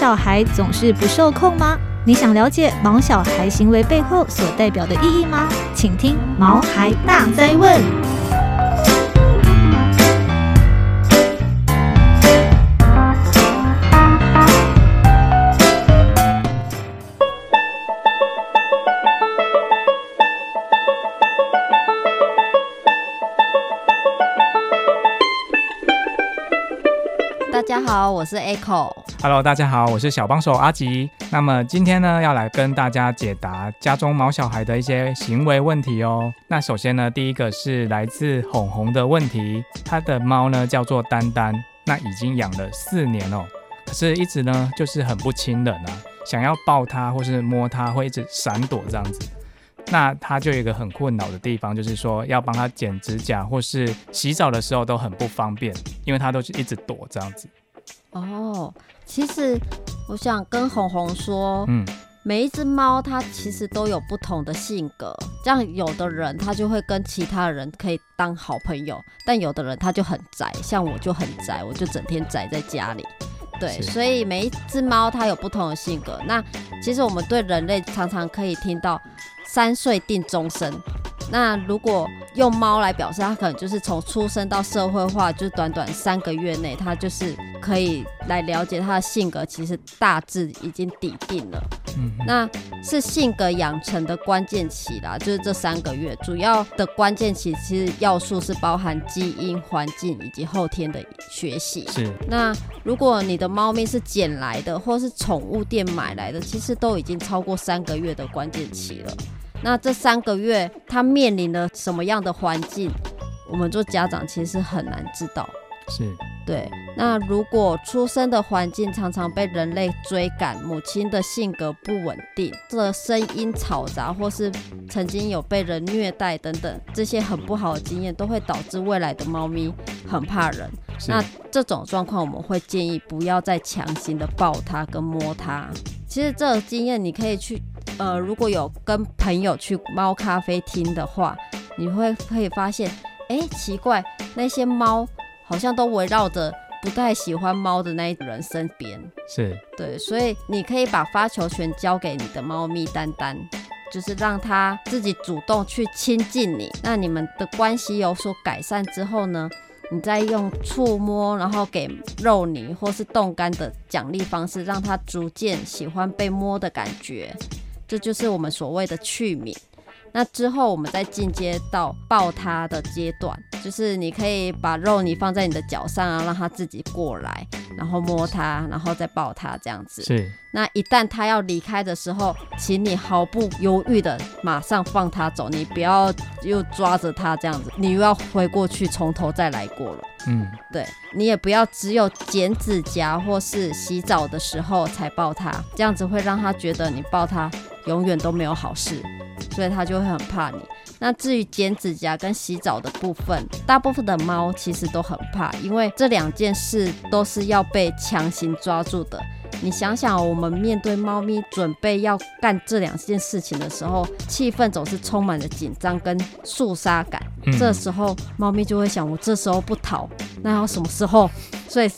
小孩總是不受控嗎？你想了解毛小孩行為背後所代表的意義嗎？請聽《毛孩大哉問》。大家好，我是 Echo。哈嘍，Hello, 大家好，我是小幫手阿吉。那麼今天呢，要來跟大家解答家中毛小孩的一些行為問題哦。那首先呢，第一個是來自弘弘的問題。他的貓呢叫做丹丹，那已經養了四年哦，可是一直呢就是很不親人啊，想要抱它或是摸它，會一直閃躲這樣子。那他就有一個很困擾的地方，就是說要幫他剪指甲或是洗澡的時候都很不方便，因為他都是一直躲這樣子。哦，其實我想跟弘弘說，嗯，每一只貓它其實都有不同的性格，這樣有的人他就會跟其他人可以當好朋友，但有的人他就很宅，像我就很宅，我就整天宅在家裡，對，是所以每一只貓它有不同的性格。那其實我們對人類常常可以聽到“三歲定終身”，那如果用貓來表示，它可能就是從出生到社會化，就短短三個月內，它就是可以來了解它的性格，其實大致已經底定了。嗯哼，那是性格養成的關鍵期啦，就是這三個月，主要的關鍵期其實要素是包含基因、環境以及後天的學習。是，那如果你的貓咪是撿來的，或是寵物店買來的，其實都已經超過三個月的關鍵期了。那這三個月它面臨了什麼樣的環境，我們做家長其實很難知道。是，對。那如果出生的環境常常被人類追趕，母親的性格不穩定，這聲音嘈雜，或是曾經有被人虐待等等，這些很不好的經驗，都會導致未來的貓咪很怕人。是那這種狀況，我們會建議不要再強行的抱它跟摸它。其實這個經驗你可以去。呃，如果有跟朋友去貓咖啡廳的話，你會可以發現，哎、欸，奇怪，那些貓好像都圍繞着不太喜歡貓的那一人身邊。是，對，所以你可以把發球權交給你的貓咪丹丹，就是讓它自己主動去親近你。那你們的關係有所改善之後呢，你再用觸摸，然後給肉泥或是凍乾的獎勵方式，讓它逐漸喜歡被摸的感覺。這就是我們所謂的去敏。那之後，我們再進階到抱他的階段，就是你可以把肉泥放在你的腳上啊，讓他自己過來，然後摸他，然後再抱他。這樣子。是。那一旦他要離開的時候，請你毫不猶豫的馬上放他走，你不要又抓着他。這樣子，你又要回過去從頭再來過了。嗯，對，你也不要只有剪指甲或是洗澡的時候才抱他，這樣子會讓他覺得你抱他永遠都沒有好事，所以它就會很怕你。那至於剪指甲跟洗澡的部分，大部分的貓其實都很怕，因為這兩件事都是要被強行抓住的。你想想哦，我們面對貓咪準備要幹這兩件事情的時候，氣氛總是充滿了緊張跟肅殺感。嗯。這時候，貓咪就會想：我這時候不逃，那要什麼時候？所以，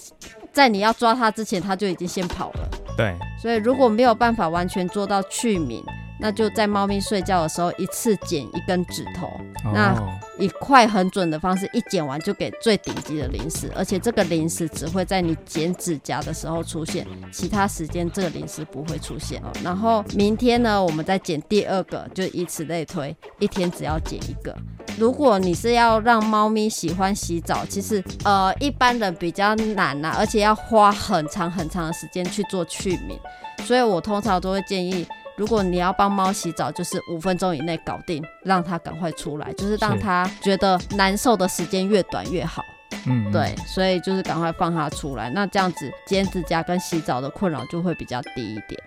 在你要抓它之前，它就已經先跑了。對，所以如果沒有辦法完全做到去敏。那就在貓咪睡覺的時候，一次剪一根指頭，oh. 那以快很準的方式，一剪完就給最頂級的零食，而且這個零食只會在你剪指甲的時候出現，其他時間這個零食不會出現、哦。然後明天呢，我們再剪第二個，就以此類推，一天只要剪一個。如果你是要讓貓咪喜歡洗澡，其實呃一般人比較難啦、啊，而且要花很長很長的時間去做去敏，所以我通常都會建議。如果你要幫貓洗澡，就是五分鐘以內搞定，讓它趕快出來，就是讓它覺得難受的時間越短越好。嗯是，對，所以就是趕快放它出來，那這樣子剪指甲跟洗澡的困擾就會比較低一點。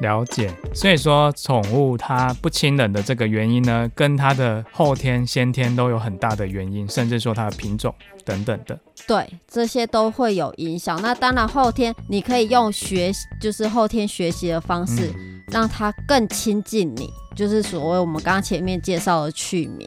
了解，所以說寵物它不親人的這個原因呢，跟它的後天、先天都有很大的原因，甚至說它的品種等等的，對，這些都會有影響。那當然後天你可以用學，就是後天學習的方式，嗯、讓它更親近你，就是所謂我們剛剛前面介紹的去敏，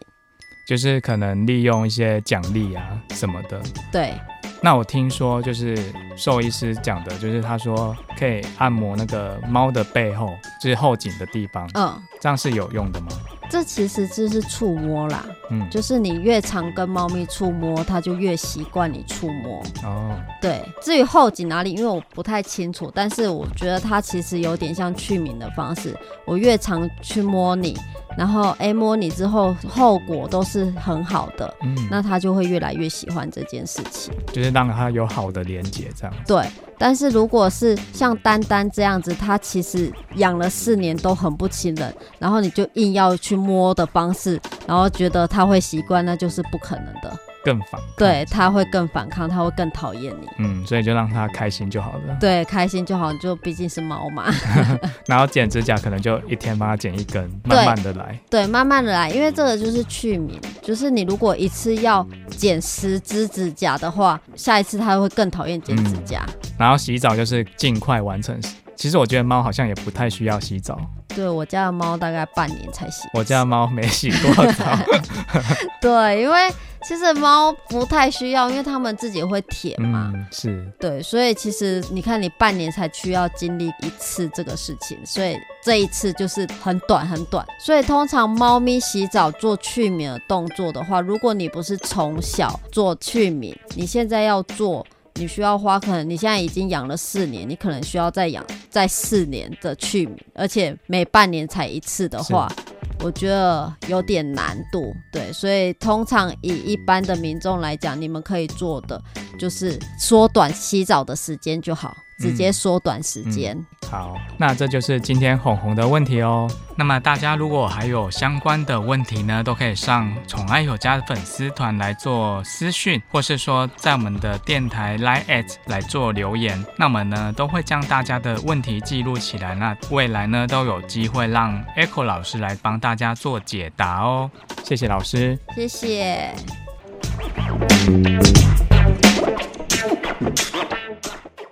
就是可能利用一些獎勵啊什麼的，對。那我聽說就是獸醫師講的，就是他說可以按摩那個貓的背後，就是後頸的地方，嗯，這樣是有用的嗎？這其實就是觸摸啦，嗯，就是你越常跟貓咪觸摸，它就越習慣你觸摸。哦，對，至於後頸哪裡，因為我不太清楚，但是我覺得它其實有點像去敏的方式，我越常去摸你。然後、哎，摸你之後，後果都是很好的。嗯，那他就會越來越喜歡這件事情，就是讓他有好的連接，這樣。對，但是如果是像丹丹這樣子，他其實養了四年都很不親人，然後你就硬要去摸的方式，然後覺得他會習慣，那就是不可能的。更反抗，對，他會更反抗，他會更討厭你。嗯，所以就讓他開心就好了。對，開心就好，就畢竟是貓嘛。 然後剪指甲可能就一天幫他剪一根，對慢慢的來。對，慢慢的來，因為這個就是去敏，就是你如果一次要剪十隻指甲的話，下一次他會更討厭剪指甲，嗯。然後洗澡就是盡快完成，其實我覺得貓好像也不太需要洗澡。對我家的貓大概半年才洗。我家的貓沒洗過澡。 對，因為。其實貓不太需要，因為它們自己會舔嘛。嗯、是對，所以其實你看，你半年才需要經歷一次這個事情，所以這一次就是很短很短。所以通常貓咪洗澡做去敏的動作的話，如果你不是從小做去敏，你現在要做，你需要花可能你現在已經養了四年，你可能需要再養再四年的去敏，而且每半年才一次的話。我覺得有點難度，對，所以通常以一般的民眾來講，你們可以做的就是縮短洗澡的時間就好，直接縮短時間。嗯嗯。好，那這就是今天弘弘的問題哦。那麼大家如果還有相關的問題呢，都可以上寵愛有家的粉絲團來做私訊，或是說在我們的電台 Line@ 來做留言。那我們呢都會將大家的問題記錄起來，那未來呢都有機會讓 Echo 老師來幫大家做解答哦。謝謝老師，謝謝。